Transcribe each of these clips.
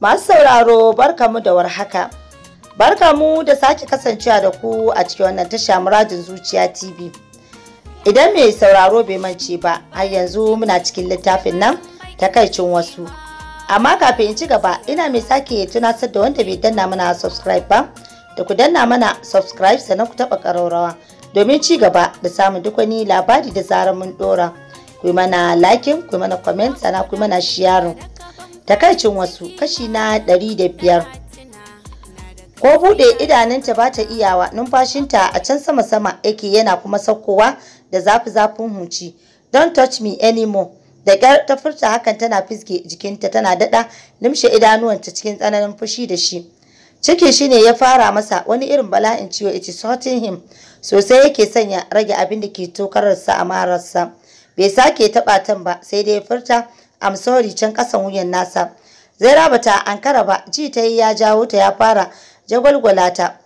Masu sauraro barkamu da warhaka. Barkamu da sake kasancewa da ku a cikin wannan tasha muradin zuciya TV. Idan mai sauraro bai mance ba, har yanzu muna cikin littafin nan takaicin wasu. Amma kafin in ci gaba, ina mai sake tunasar da wanda bai danna mana subscribe ba, da ku danna mana subscribe sana ku taɓa ƙararrawa domin ci gaba da samun duk wani labari da zarar mun dora Ku mana liking, ku mana comment, sannan ku mana sharing. takaicin wasu kashi na ɗari da biyar ko buɗe idanunta ba ta iyawa numfashinta a can sama-sama yake yana kuma saukowa da zafi-zafin huci don touch me anymore da kyar ta furta hakan tana fiske jikinta tana daɗa limshe idanuwanta cikin tsananin fushi da shi ciki shi ne ya fara masa wani irin bala'in ciwo ita sorting him sosai yake sanya rage abin da ke tokararsa a mararsa bai sake taɓa tan ba sai dai ya furta am sorry can kasan wuyan nasa zaira bata ankara ba ji ta yi ya jawo ta ya fara jagwalgwalata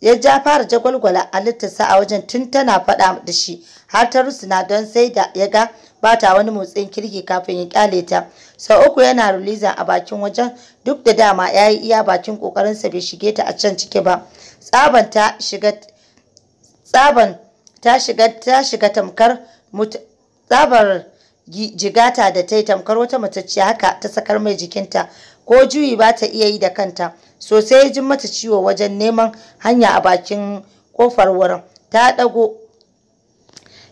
ya ja fara jagwalgwala halittarsa a wajen tun tana fada da shi har ta rusuna don sai da ya ga ba ta wani motsin kirki kafin ya kyale ta sau uku yana riliza a bakin wajen duk da dama yayi iya bakin kokarinsa bai shige ta a can ciki ba tsaban ta shiga tsaban ta shiga ta shiga tamkar tsabar jigata da ta yi tamkar wata matacciya haka ta sakar mai jikinta ko juyi ba ta iya yi da kanta sosai ya jin mata ciwo wajen neman hanya a bakin kofar wurin ta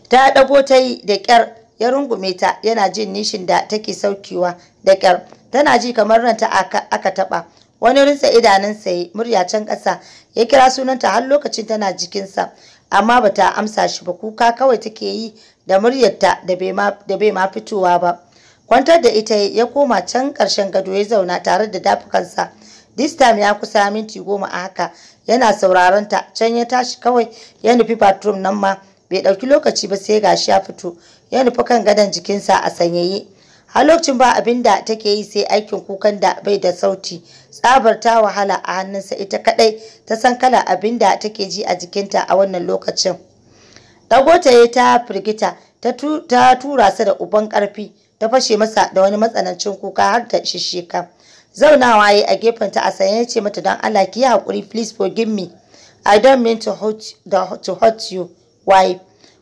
dago ta yi da kyar ya rungume ta yana jin nishin da take saukewa da kyar tana ji kamar ranta aka taɓa. wani rinsa idanun ya murya can ƙasa ya kira sunanta har lokacin tana jikinsa amma bata amsa shi ba kuka kawai take yi da muryarta da bai ma fitowa ba kwantar da ita ya koma can ƙarshen gado ya zauna tare da dafukansa this time ya kusa minti goma a haka yana sauraron ta can ya tashi kawai ya nufi bathroom nan ma bai ɗauki lokaci ba sai gashi ya fito ya nufi kan gadon jikinsa a sanyaye har lokacin ba abin da take yi sai aikin kukan da bai da sauti tsabar ta wahala a hannunsa ita kadai ta san kala abin da take ji a jikinta a wannan lokacin tagotaye ta firgita ta tura sa da uban karfi ta fashe masa da wani matsanancin kuka har ta ka. zaunawa yayi a gefen ta a sanye ce mata don Allah ki hakuri haƙuri please forgive me I don't mean to hurt, the, to hurt you Why?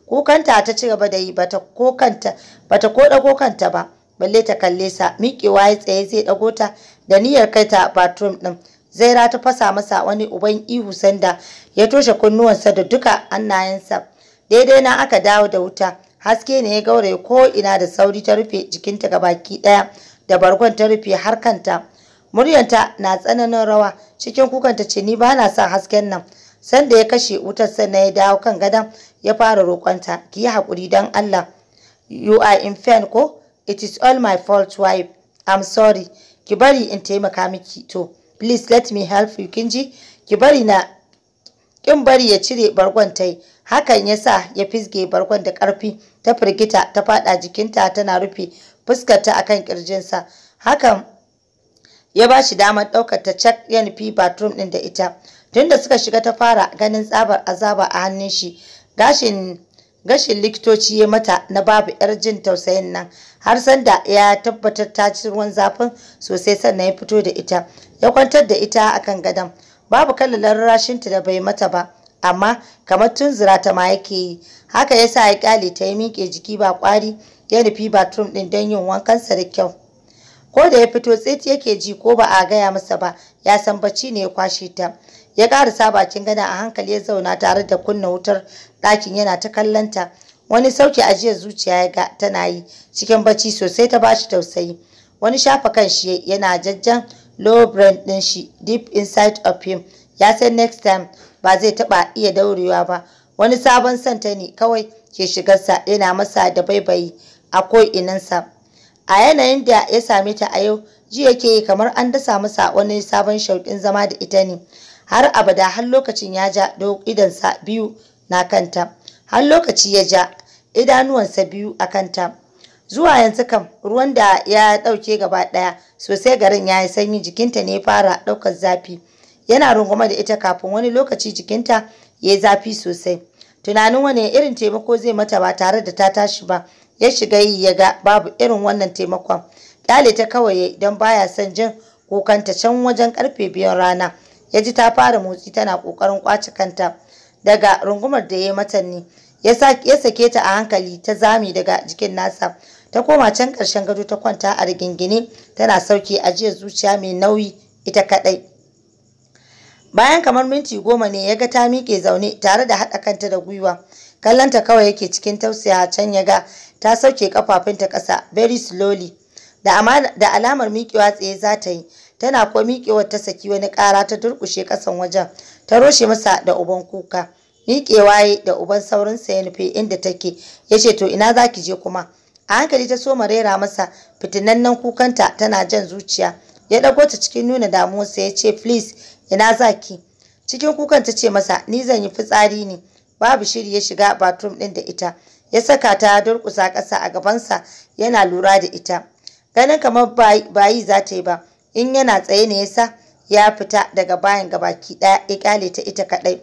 kukanta ta ci gaba da yi bata kokanta bata ko dago kanta ba balle ta kalle sa miƙewa ya tsaye zai dago ta da niyyar kai ta bathroom din Zaira ta fasa masa wani uban ihu sanda ya toshe kunnuwansa da duka annayensa. daidai na aka dawo da wuta haske ne ya gauraye ko ina da sauri ta rufe jikinta ga baki ɗaya da bargon ta rufe har kanta muryanta na tsananin rawa cikin kukanta ce ni ba na son hasken nan sanda ya kashe wutar sannan ya dawo kan gadon ya fara roƙonta ki yi haƙuri don Allah you are in pain ko it is all my fault wife I'm sorry ki bari in taimaka miki to please let me help you kinji ki bari na kin bari ya cire bargon tai hakan ya sa ya fisge barkon da ƙarfi ta firgita ta faɗa jikinta tana rufe fuskarta akan ƙirjinsa hakan ya ba shi damar ɗaukar ta cak ya nufi bathroom ɗin da ita tunda suka shiga ta fara ganin tsabar azaba a hannun shi gashin gashin likitoci ya mata na babu yar jin tausayin nan har sanda ya tabbatar ta ci ruwan zafin sosai sannan ya fito da ita ya kwantar da ita akan gadon babu kallalar rashinta da bai mata ba amma kamar zira ta ma yake yi haka ya sa ya kyale ta yi miƙe jiki ba kwari ya nufi bathroom ɗin don yin wankansa da kyau ko da ya fito tsit yake ji ko ba a gaya masa ba ya san bacci ne ya kwashe ta ya karasa bakin gada a hankali ya zauna tare da kunna wutar ɗakin yana ta kallon ta wani sauki ajiyar zuciya ya ga tana yi cikin bacci sosai ta bashi tausayi wani shafa kan shi yana jajjan low brain ɗin shi deep inside of him ya san next time ba zai taɓa iya daurewa ba wani sabon santa ne kawai ke shigarsa yana masa da baibayi a ko'inansa a yanayin da ya same ta a yau ji yake kamar an dasa masa wani sabon shauƙin zama da ita ne har abada har lokacin ya ja idansa biyu na kanta har lokaci ya ja idanuwansa biyu a kanta zuwa yanzu kam ruwan da ya ɗauke gaba ɗaya sosai garin ya yi sanyi jikinta ne fara ɗaukar zafi yana rungume da ita kafin wani lokaci jikinta ya yi zafi sosai tunanin wani irin taimako zai mata ba tare da ta tashi ba ya shiga yi ya ga babu irin wannan taimakon Ƙyale ta kawai don baya son jin kukanta can wajen karfe biyan rana ya ji ta fara motsi tana kokarin kwace kanta daga rungumar da ya yi mata ne ya sake ta a hankali ta zami daga jikin nasa ta koma can ƙarshen gado ta kwanta a rigingine tana sauke ajiyar zuciya mai nauyi ita kadai. bayan kamar minti goma ne ya ga ta miƙe zaune tare da haɗa kanta da gwiwa kallanta kawai yake cikin tausaya can ya ga ta sauke kafafunta ƙasa very slowly da, da alamar miƙewa tsaye za ta yi tana ko miƙewar ta saki wani ƙara ta durƙushe ƙasan wajen ta roshe masa da uban kuka miƙewa da uban saurinsa ya nufe inda take ya ce to ina za ki je kuma a hankali ta soma rera masa fitinannen kukanta tana jan zuciya ya ɗago ta cikin nuna damuwarsa ya ce please ina zaki cikin kukan ta ce masa ni zan yi fitsari ne babu shiri ya shiga bathroom ɗin da ita ya saka ta durƙusa ƙasa a gabansa yana lura da ita ganin kamar bayi za ta yi ba in yana tsaye ne yasa ya fita daga bayan gabaki ɗaya ya ta ita kaɗai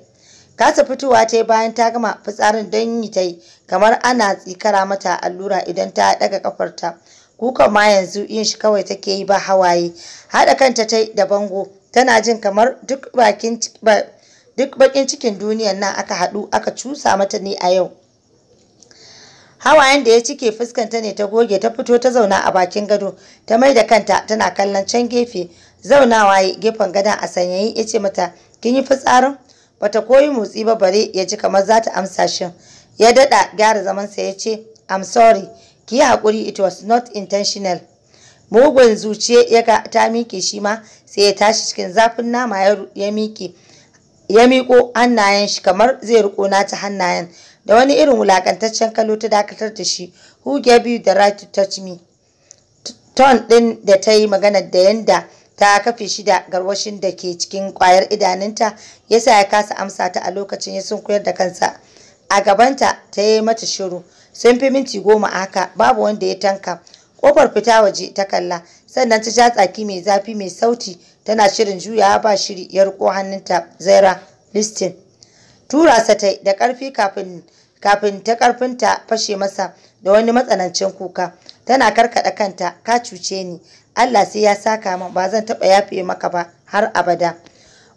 kasa fitowa ta yi bayan ta gama fitsarin don yi ta yi kamar ana tsikara mata allura idan ta ɗaga kafarta kukan ma yanzu yin shi kawai take yi ba hawaye haɗa kanta ta da bango tana jin kamar duk bakin cikin duniyan nan aka haɗu aka cusa mata ne a yau hawayen da ya cike fuskanta ne ta goge ta fito ta zauna a bakin gado ta mai da kanta tana kallon can gefe zaunawa gefen gadon a sanyayi ya ce mata kin yi fitsarin bata koyi motsi ba bare ya ji kamar za ta amsa shin ya daɗa gyara zamansa ya ce i'm sorry ki yi haƙuri it was not intentional mugun zuciya ya ta miƙe shi ma sai ya tashi cikin zafin nama ya miƙe ya miƙo hannayen shi kamar zai riƙo nata hannayen da wani irin wulakantaccen kalo ta dakatar da shi who gave you the right to touch me ton din da ta yi magana da yanda ta kafe shi da garwashin da ke cikin kwayar idanunta ya sa ya kasa amsa ta a lokacin ya sunkuyar da kansa a gabanta ta yi mata shiru sun fi minti goma haka babu wanda ya tanka kofar fita waje ta kalla sannan ta ja tsaki mai zafi mai sauti tana shirin juyawa ba shiri ya riko hannunta zaira listin tura sa ta da karfi kafin kafin ta karfinta fashe masa da wani matsanancin kuka tana karkada kanta ka cuce ni Allah sai ya saka min ba zan taba yafe maka ba har abada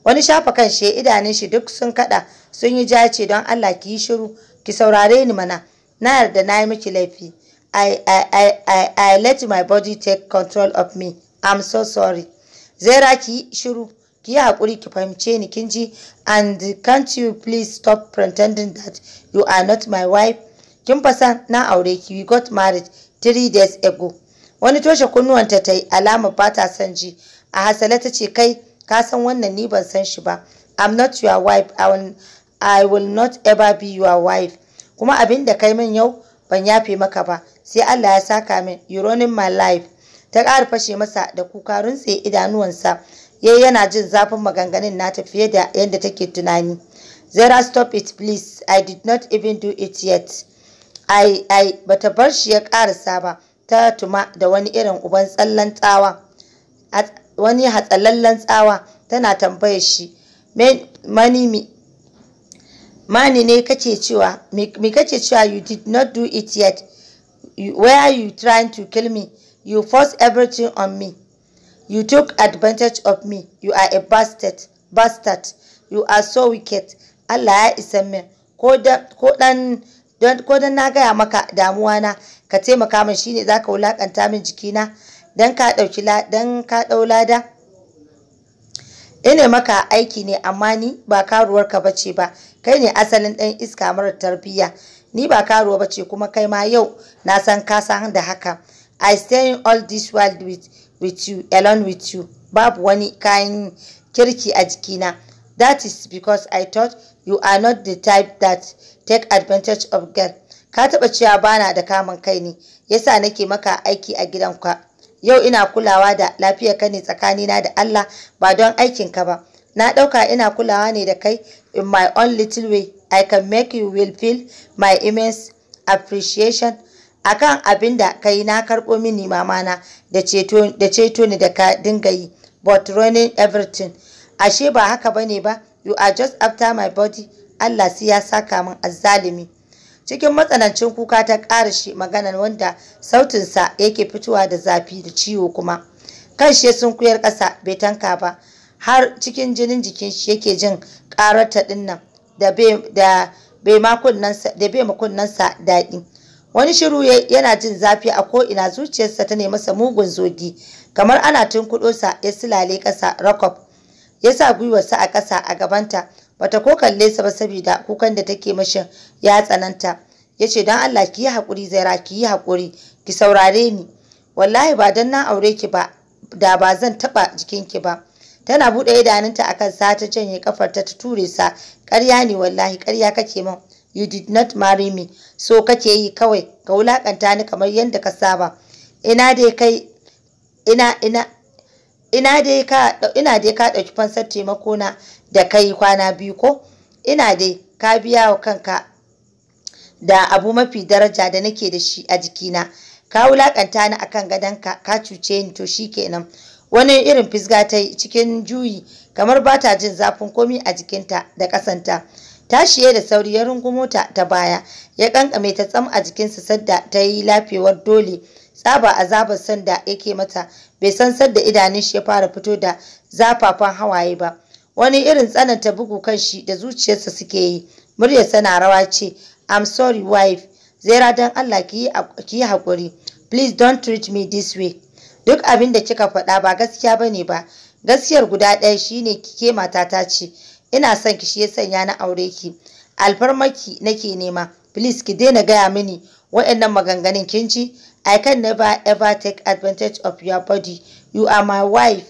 wani shafa kan she idanun shi duk sun kada sun yi jace don Allah ki yi shiru ki saurare ni mana na yarda na yi miki laifi I, I, I, I, let my body take control of me. I'm so sorry. Zera ki shiru, ki haƙuri ki fahimce ni kin ji and can't you please stop pretending that you are not my wife? Kin fasa na aure ki we got married three days ago. Wani toshe kunnuwanta ta yi alama ba ta son ji. A hasala ta ce kai ka san wannan ni ban san shi ba. I'm not your wife. I will, I will not ever be your wife. Kuma abin da kai min yau ban yafe maka ba sai Allah ya saka min you running my life ta ƙara fashe masa da kuka sai idanuwansa yayi yana jin zafin maganganun nata fiye da yadda take tunani Zara stop it please I did not even do it yet ai ai bata bar shi ya ƙarasa ba ta tuma da wani irin uban tsallan tsawa wani hatsalallen tsawa tana tambayar shi mani mani ne kace cewa me kace cewa you did not do it yet Where are you trying to kill me you forced everything on me you took advantage of me you are a bastard bastard you are so wicked Allah ya isa min ko dan ko dan na gaya maka damuwa na ka taimaka min shine zaka wulakanta min jikina dan ka dauki dan ka dau lada ina maka aiki ne amma ni ba karuwar ka bace ba kai ne asalin ɗan iska mara tarbiyya ni ba karuwa bace kuma kai ma yau na san ka san da haka i in all this world with, with you alone with you babu wani kayan kirki a jikina that is because i thought you are not the type that take advantage of girl ka taɓa cewa bana da kamun kai ne yasa nake maka aiki a gidanka yau ina kulawa da lafiyar ka ne tsakanina da Allah ba don aikin ka ba na ɗauka ina kulawa ne da kai in my own little way I can make you will feel my immense appreciation akan abin da kai na karɓo mini mamana da ceto ni da ka dinga yi but running everything ashe ba haka bane ba you are just after my body Allah siya ya saka min azzalimi cikin matsanancin kuka ta ƙarashi maganar wanda sautinsa yake fitowa da zafi da ciwo kuma kan shi sun kuyar ƙasa bai tanka ba har cikin jinin jikin shi yake jin ƙararta ɗin nan da bai makunnansa daɗi wani shiru yana jin zafi a ko'ina zuciyarsa ta masa mugun zogi kamar ana tunkuɗo sa ya silale ƙasa rakof ya sa gwiwarsa a ƙasa a gabanta bata ko kalle sa ba saboda kukan da take mashi ya tsananta yace dan Allah ki yi hakuri zaira ki yi hakuri ki saurare ni wallahi ba dan na aure ki ba da ba zan taba jikin ki ba tana bude idanunta akan sa ta janye kafar ta ta ture sa ƙarya ne wallahi ƙarya kake min you did not marry me so kake yi kawai ka wulakanta ni kamar yadda ka saba ina dai kai ina ina ina dai ka ɗauki fansar taimakona na da kai kwana biyu ko ina dai ka biya wa kanka da abu mafi daraja da nake da shi a jikina ka wulaƙanta ni akan gadonka ka ka cuce ni to shi shikenan wani irin fisga ta yi cikin juyi kamar ba ta jin zafin komi a jikinta da kasanta shiye da sauri ya rungumo ta ta baya ya kankame ta tsam a jikinsa sadda ta yi lafewar dole tsaba azabar sanda yake mata bai san sadda idanun shi ya fara fito da zafafan hawaye ba wani irin tsananta bugu kan shi da zuciyarsa suke yi muryar sana rawa ce i'm sorry wife zaira don allah ki yi haƙuri please don't treat me this way duk abin da kika faɗa ba gaskiya bane ba gaskiyar guda ɗaya shine kike matata ce ina son ki shi ya sanya na aure ki alfarmaki nake nema please ki daina gaya mini waɗannan maganganun kin ji I can never ever take advantage of your body. You are my wife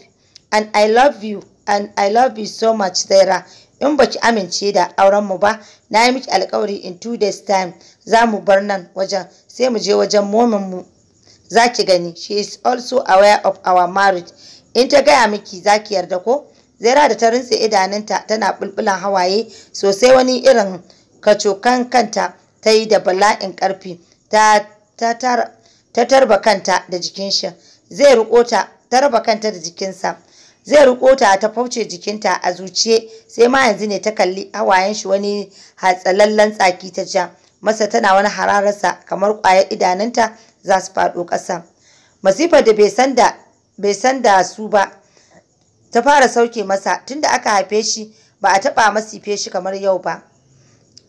and I love you and I love you so much Zaira. In baki amince da auren mu ba, na yi miki alkawari in two days time za mu bar nan wajen sai mu je wajen momin mu. Za ki gani, she is also aware of our marriage. In ta gaya miki za ki yarda ko? Zaira da ta rinse idanunta tana bulbulan hawaye sosai wani irin kacokan kanta ta yi da bala'in karfi ta tarba kanta da jikin zai riko ta tarba kanta da jikinsa zai riko ta ta fauce jikinta a zuciye sai ma yanzu ne ta kalli hawayen shi wani hatsalallan tsaki ta ja masa tana wani hararsa kamar kwayar idanunta za su faɗo ƙasa masifar da bai san da su ba ta fara sauke masa tunda aka haife shi ba a taɓa masife shi kamar yau ba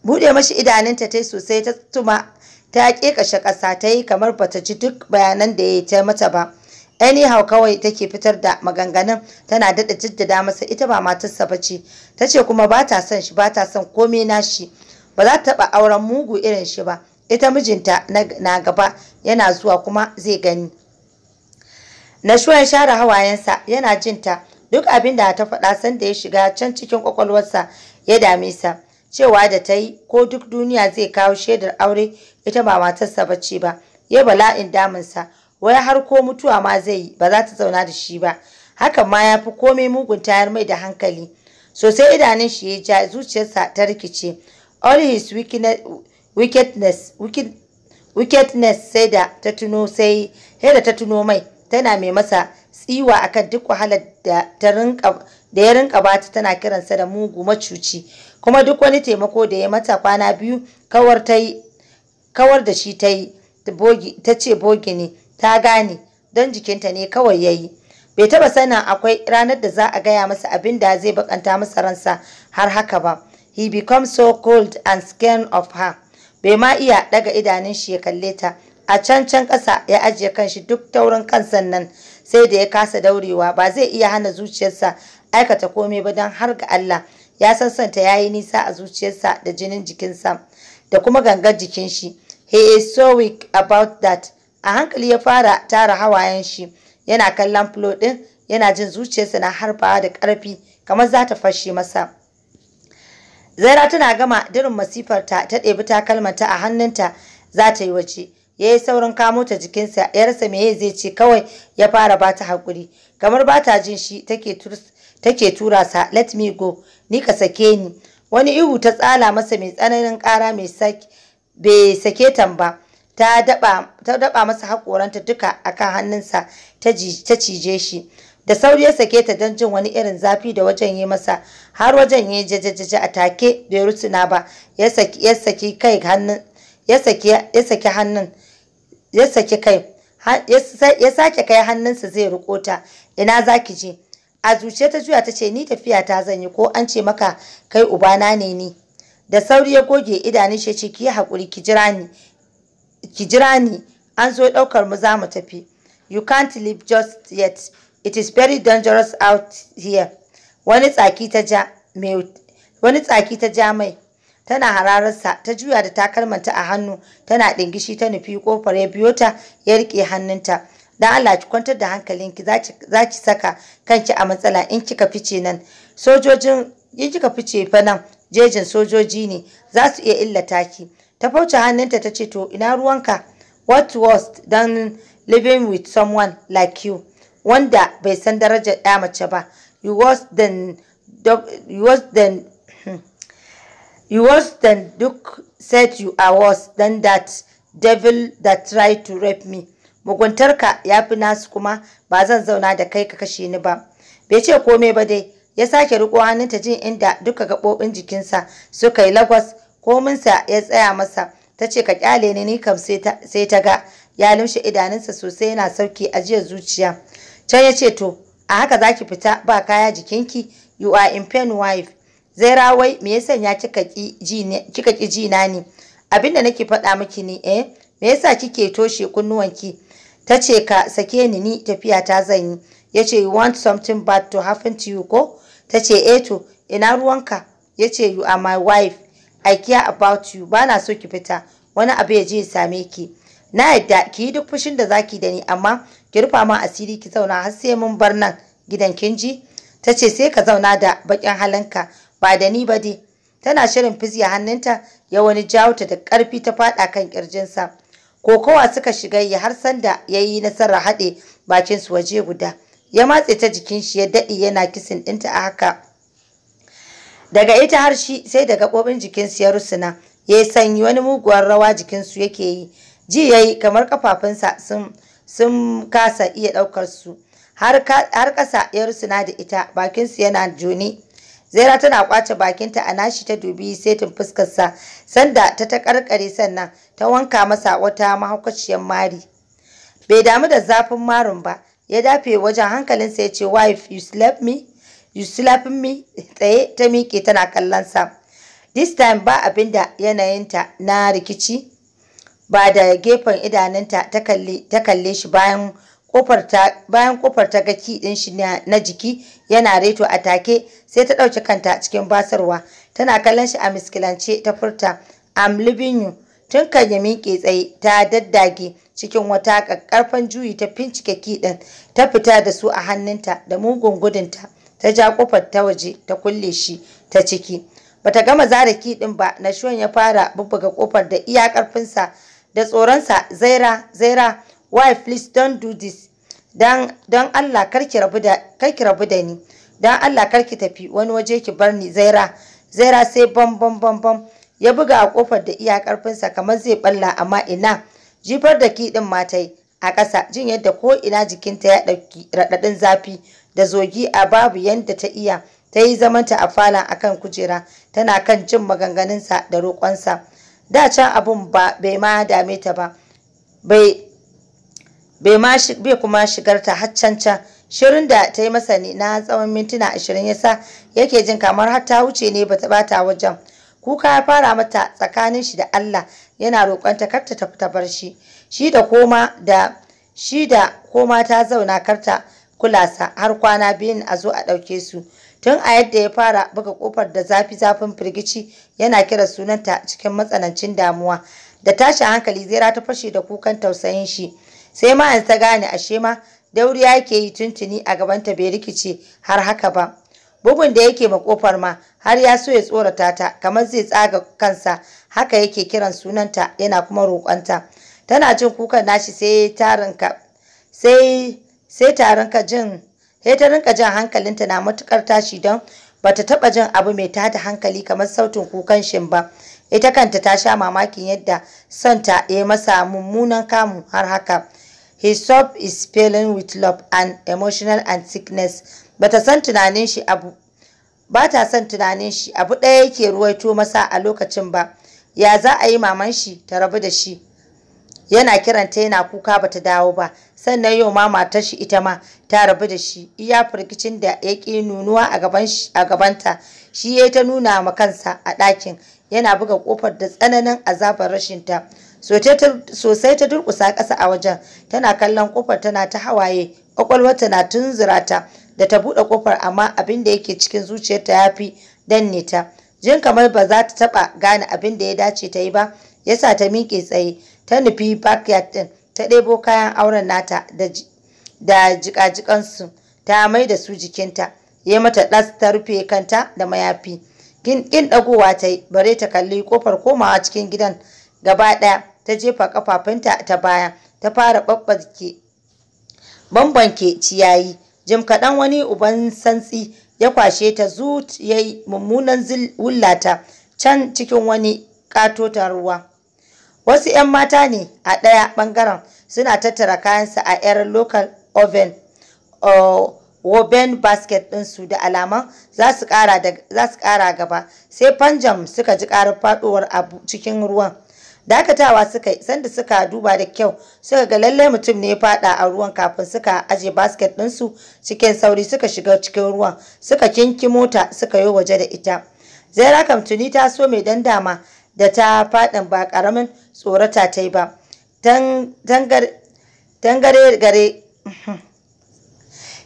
buɗe mashi idanunta ta sosai ta tuma ta kashe ƙasa ta yi kamar bata ji duk bayanan da ya ta mata ba anyhow kawai take fitar da maganganun tana daɗa jaddada masa ita ba matarsa ba ce ta ce kuma ba ta son shi ba ta son komai na shi ba za ta taɓa auren mugu irin shi ba ita mijinta na gaba yana zuwa kuma zai gani na shuwan share hawayensa yana jinta duk abin da ta faɗa sanda ya shiga can cikin kwakwalwarsa ya dame sa cewa da ta yi ko duk duniya zai kawo shaidar aure ita ba matarsa ce ba ya bala'in damunsa wai har ko mutuwa ma zai yi ba za ta zauna da shi ba hakan ma ya fi komai mugun tayar mai da hankali sosai idanun shi ya ja zuciyarsa ta rikice all his wickedness wickedness sai da ta tuno sai da ta tuno mai tana mai masa tsiwa akan duk wahalar da ya rinka bata tana kiransa da mugu macuci kuma duk wani taimako da ya mata kwana biyu kawar da shi ta yi ta ce bogi ne ta gane don jikinta ne kawai ya yi bai taba sanin akwai ranar da za a gaya masa abin da zai bakanta masa ransa har haka ba he becomes so cold and scared of her bai ma iya daga idanun shi ya kalle ta a can can ƙasa ya ajiye kanshi duk taurin kansan nan sai da ya kasa daurewa ba zai iya hana zuciyarsa aikata komai ba don har ga Allah ya sassanta ya yi nisa a zuciyarsa da jinin jikinsa da kuma gangar jikin shi he is so weak about that a hankali ya fara tara hawayen shi yana kallon flo din yana jin zuciyarsa na harfawa da ƙarfi kamar za ta fashe masa zaira tana gama dirin masifar ta ɗebi takalmanta a hannunta za ta yi wace ya yi saurin kamo ta jikinsa ya rasa me zai ce kawai ya fara ba ta haƙuri kamar ba ta jin shi take turs take tura sa let me go ni ka sake ni wani ihu ta tsala masa mai tsananin ƙara mai sake bai sake ta daba ta daba masa hakoranta duka akan hannunsa ta ta cije shi da sauri ya sake ta don jin wani irin zafi da wajen yi masa har wajen yi jajajaja a take bai rusuna ba ya saki ya saki kai hannun ya saki ya saki hannun ya saki kai ya sake kai hannunsa zai riko ta ina zaki je a zuciya ta juya ta ce ni tafiya ta zan yi ko an ce maka kai ubana ne ni da sauri ya goge idanun shi ce ki haƙuri ki jira ni ki jira ni an zo ɗaukar mu za mu tafi you can't leave just yet it is very dangerous out here wani tsaki ta ja mai wani tsaki ta ja mai tana hararsa ta juya da takalmanta a hannu tana ɗingishi ta nufi kofar ya biyo ta ya riƙe hannunta dan Allah ki kwantar da hankalinki za ki saka kanki a matsala in kika fice nan sojojin in kika fice fa nan jejin sojoji ne za su iya illata ki ta fauce hannunta ta to ina ruwanka what was dan living with someone like you wanda bai san darajar ya mace ba you was then you was then hmm, you was then duke said you are worse than that devil that tried to rape me muguntarka ya fi nasu kuma ba zan zauna da kai ka kashe ni ba bai ce komai ba dai ya sake riko hannunta jin inda duka gaɓoɓin jikinsa suka yi lagos kominsa ya tsaya masa ta ce ka kyale ni ni kam sai ta ga ya lumshe idanunsa sosai yana sauki ajiyar zuciya can ya ce to a haka za ki fita ba kaya jikinki you are in pain wife zaira wai me ya sanya kika ki jina na ne abinda nake faɗa miki ne eh me yasa kike toshe kunnuwanki ta ce ka sake ni ni tafiya ta zan yi ya ce you want something bad to happen to you ko ta ce eh to ina ruwanka ya ce you are my wife I care about you ba na so ki fita wani abu ya je ya same ki na yadda ki yi duk fushin da zaki da ni amma ki rufa ma asiri ki zauna har sai mun bar nan gidan kin ji ta ce sai ka zauna da bakin halanka ba da ni ba dai tana shirin fizya hannunta ya wani jawo ta da ƙarfi ta faɗa kan ƙirjinsa kokowa suka shiga yi har sanda ya yi nasarar haɗe bakinsu waje guda ya matse ta jikin shi ya daɗe yana kisin ɗinta a haka daga ita har shi sai da gaɓoɓin jikinsu ya rusuna ya yi sanyi wani muguwar rawa jikinsu yake yi ji ya yi kamar kafafunsa sun kasa iya ɗaukar su har ƙasa ya rusuna da ita bakinsu yana juni zaira tana kwace bakinta a nashi ta dubi setin fuskarsa sanda ta ta karkare sannan ta wanka masa wata mahaukaciyar mari bai damu da zafin marun ba ya dafe wajen hankalinsa ya ce wife you slap me you slap me tsaye ta miƙe tana kallon sa this time ba abinda yanayinta na rikici ba da gefen idanunta ta kalle shi bayan bayan kofar ta ga kiɗin shi na jiki yana reto a take sai ta ɗauki kanta cikin basarwa tana kallon shi a miskilance ta furta am living you tun kan ya miƙe tsaye ta daddage cikin wata ƙarfan juyi ta fincike kiɗin ta fita da su a hannunta da mugun gudunta ta ja kofar ta waje ta kulle shi ta ciki bata gama zara kiɗin ba na ya fara bubbuga kofar da iya ƙarfinsa da tsoronsa zaira zaira wife please don't do this dan Allah karki rabu da karki rabu da ni dan Allah karki tafi wani waje ki bar ni zaira zaira sai bam bam bam bam ya buga a kofar da iya karfinsa kamar zai balla amma ina jifar da ki din matai a ƙasa jin yadda ko ina jikinta ya ɗauki raɗaɗin zafi da zogi a babu yadda ta iya ta yi zamanta a falon akan kujera tana kan jin maganganunsa da roƙonsa da can abun ba bai ma dame ta ba bai bai kuma shigar ta can shirin da ta yi masa ne na tsawon mintuna ashirin yasa yake jin kamar har ta wuce ne bata bata wajen kuka ya fara mata tsakanin shi da Allah yana roƙonta kar ta tafi ta bar shi shi da koma da shi da koma ta zauna karta kulasa har kwana biyun a zo a ɗauke su tun a yadda ya fara buga kofar da zafi zafin firgici yana kira sunanta cikin matsanancin damuwa da tashin hankali zera ta fashe da kukan tausayin shi sai ma ta gane ashe ma dauriya yake yi tuntuni a gaban ta bai rikice har haka ba bugun da yake makofar ma har ya so ya tsorata ta kamar zai tsaga kansa haka yake kiran sunanta yana kuma roƙonta tana jin kukan nashi sai tarinka sai sai tarinka jin sai ta jin hankalinta na matukar tashi don bata taba jin abu mai tada hankali kamar sautin kukan shin ba ita kanta ta sha mamakin yadda son ta ya masa mummunan kamu har haka He sob is failing with love and emotional and sickness. Bata san tunanin shi abu ba ta son tunanin shi abu ɗaya yake ruwaito masa a lokacin ba ya za a yi maman shi ta rabu da shi yana kiranta yana kuka bata dawo ba sannan yau ma matar shi ita ma ta rabu da shi iya firgicin da ya ƙi nunuwa a gabanta shi ya ta nuna ma kansa a ɗakin yana buga ƙofar da tsananin azabar rashinta sosai ta durƙusa ƙasa a wajen tana kallon ƙofar tana ta hawaye ƙwaƙwalwarta na tunzura da ta buɗe ƙofar amma abin da yake cikin zuciyarta ya fi danne ta jin kamar ba za ta taɓa gane abin da ya dace ta yi ba yasa ta miƙe tsaye ta nufi backyard ɗin ta ɗebo kayan auren nata da jiƙajiƙansu ta mai da su jikinta ya mata ɗas ta rufe kanta da mayafi kin ɗagowa ta yi bare ta kalli kofar komawa cikin gidan gaba ɗaya ta jefa kafafunta ta baya ta fara babbarke bambanke ciyayi jim kaɗan wani uban santsi ya kwashe ta zut yayi mummunan wullata can cikin wani ta ruwa wasu 'yan mata ne a ɗaya ɓangaren suna tattara kayansa a 'yar local oven woben uh, basket su da alama za su ƙara gaba sai panjam suka ji ƙarar faɗowar abu cikin ruwan dakatawa suka yi sanda suka duba da kyau suka ga lallai mutum ne ya fada a ruwan kafin suka aje basket din su cikin sauri suka shiga cikin ruwan suka kinki mota suka yi waje da ita zaira kam tuni ta so mai dandama da ta fadin ba ƙaramin tsorata ta yi ba tangare gare uhm,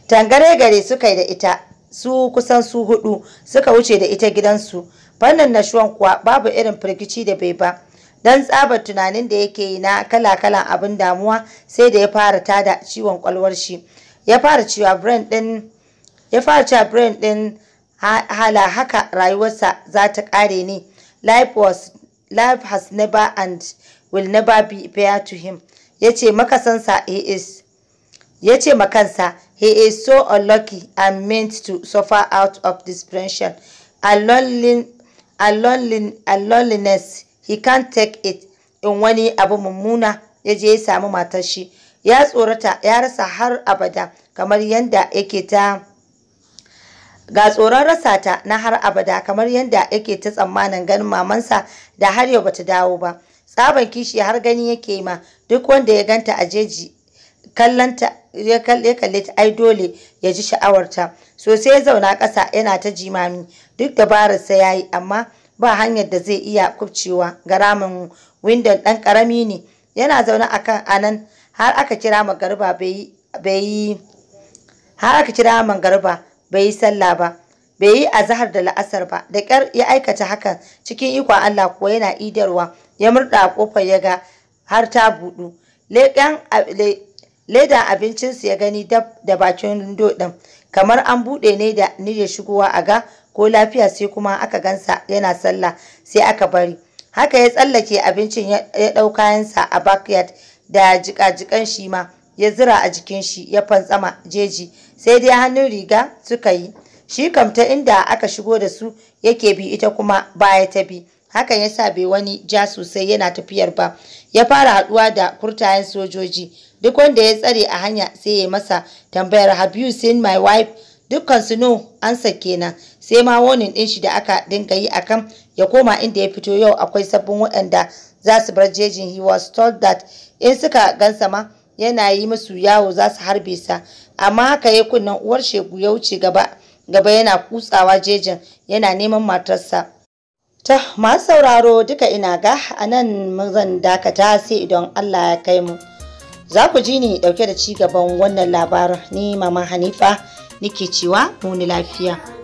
tangare gare suka yi da ita su kusan su hudu suka wuce da ita gidansu fannin nashuwan kuwa babu irin firgici da bai ba don tsabar tunanin da yake yi na kala-kalan abin damuwa sai da ya fara tada ciwon kwalwar shi ya fara cewa brain din din hala haka rayuwarsa za ta kare ne life was life has never and will never be fair to him ya ce makasansa he is ya ce makansa he is so unlucky and meant to suffer out of this pension a loneliness he can't take it in wani abu mummuna ya je ya samu matar shi ya tsorata ya rasa har abada kamar yanda yake ta ga tsoron rasa ta na har abada kamar yanda yake ta tsammanin ganin mamansa da har yau bata dawo ba tsaban kishi har gani yake ma duk wanda ya ganta a jeji kallanta ya kalle ta ai dole ya ji sha'awarta sosai ya zauna ƙasa yana ta jimami duk dabarar sa yayi amma ba hanyar da zai iya kubcewa ramin windon ɗan ƙarami ne yana zaune a kan anan har aka kira magariba bai yi har aka kira bai yi sallah ba bai yi azahar da la'asar ba da ƙyar ya aikata hakan cikin ikon Allah kuwa yana idarwa ya murɗa kofar ya ga har ta buɗu ledan abincinsu ya gani da bakin windo ɗin kamar an buɗe ne da niyyar shigowa a ga ko lafiya sai kuma aka gansa yana sallah sai aka bari haka ya tsallake abincin ya ɗau kayansa a backyard da jika-jikan shi ma ya zira a jikin shi ya fantsama jeji sai dai hannun riga suka yi shi kamta inda aka shigo da su yake bi ita kuma baya ta bi hakan ya sa bai wani ja sosai yana tafiyar ba ya fara haɗuwa da kurtayen sojoji duk wanda ya tsare a hanya sai ya masa tambayar have you seen my wife dukkan su no ansa kenan sai ma warning din shi da aka dinga yi akan ya koma inda ya fito yau akwai sabbin waɗanda za su bar jejin he was told that in suka gansa ma yana yi musu yawo za su harbe sa amma haka ya kunnan uwar shegu ya wuce gaba gaba yana kutsawa jejin yana neman matarsa ta masu sauraro duka ina ga anan zan dakata sai idan Allah ya kai mu za ku ji ni dauke da ci gaban wannan labarin ni mama hanifa nike cewa muni lafiya